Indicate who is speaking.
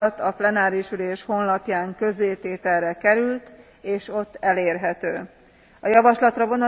Speaker 1: a plenáris ülés honlapján közzététerre került és ott elérhető. a javaslatra vonatkozó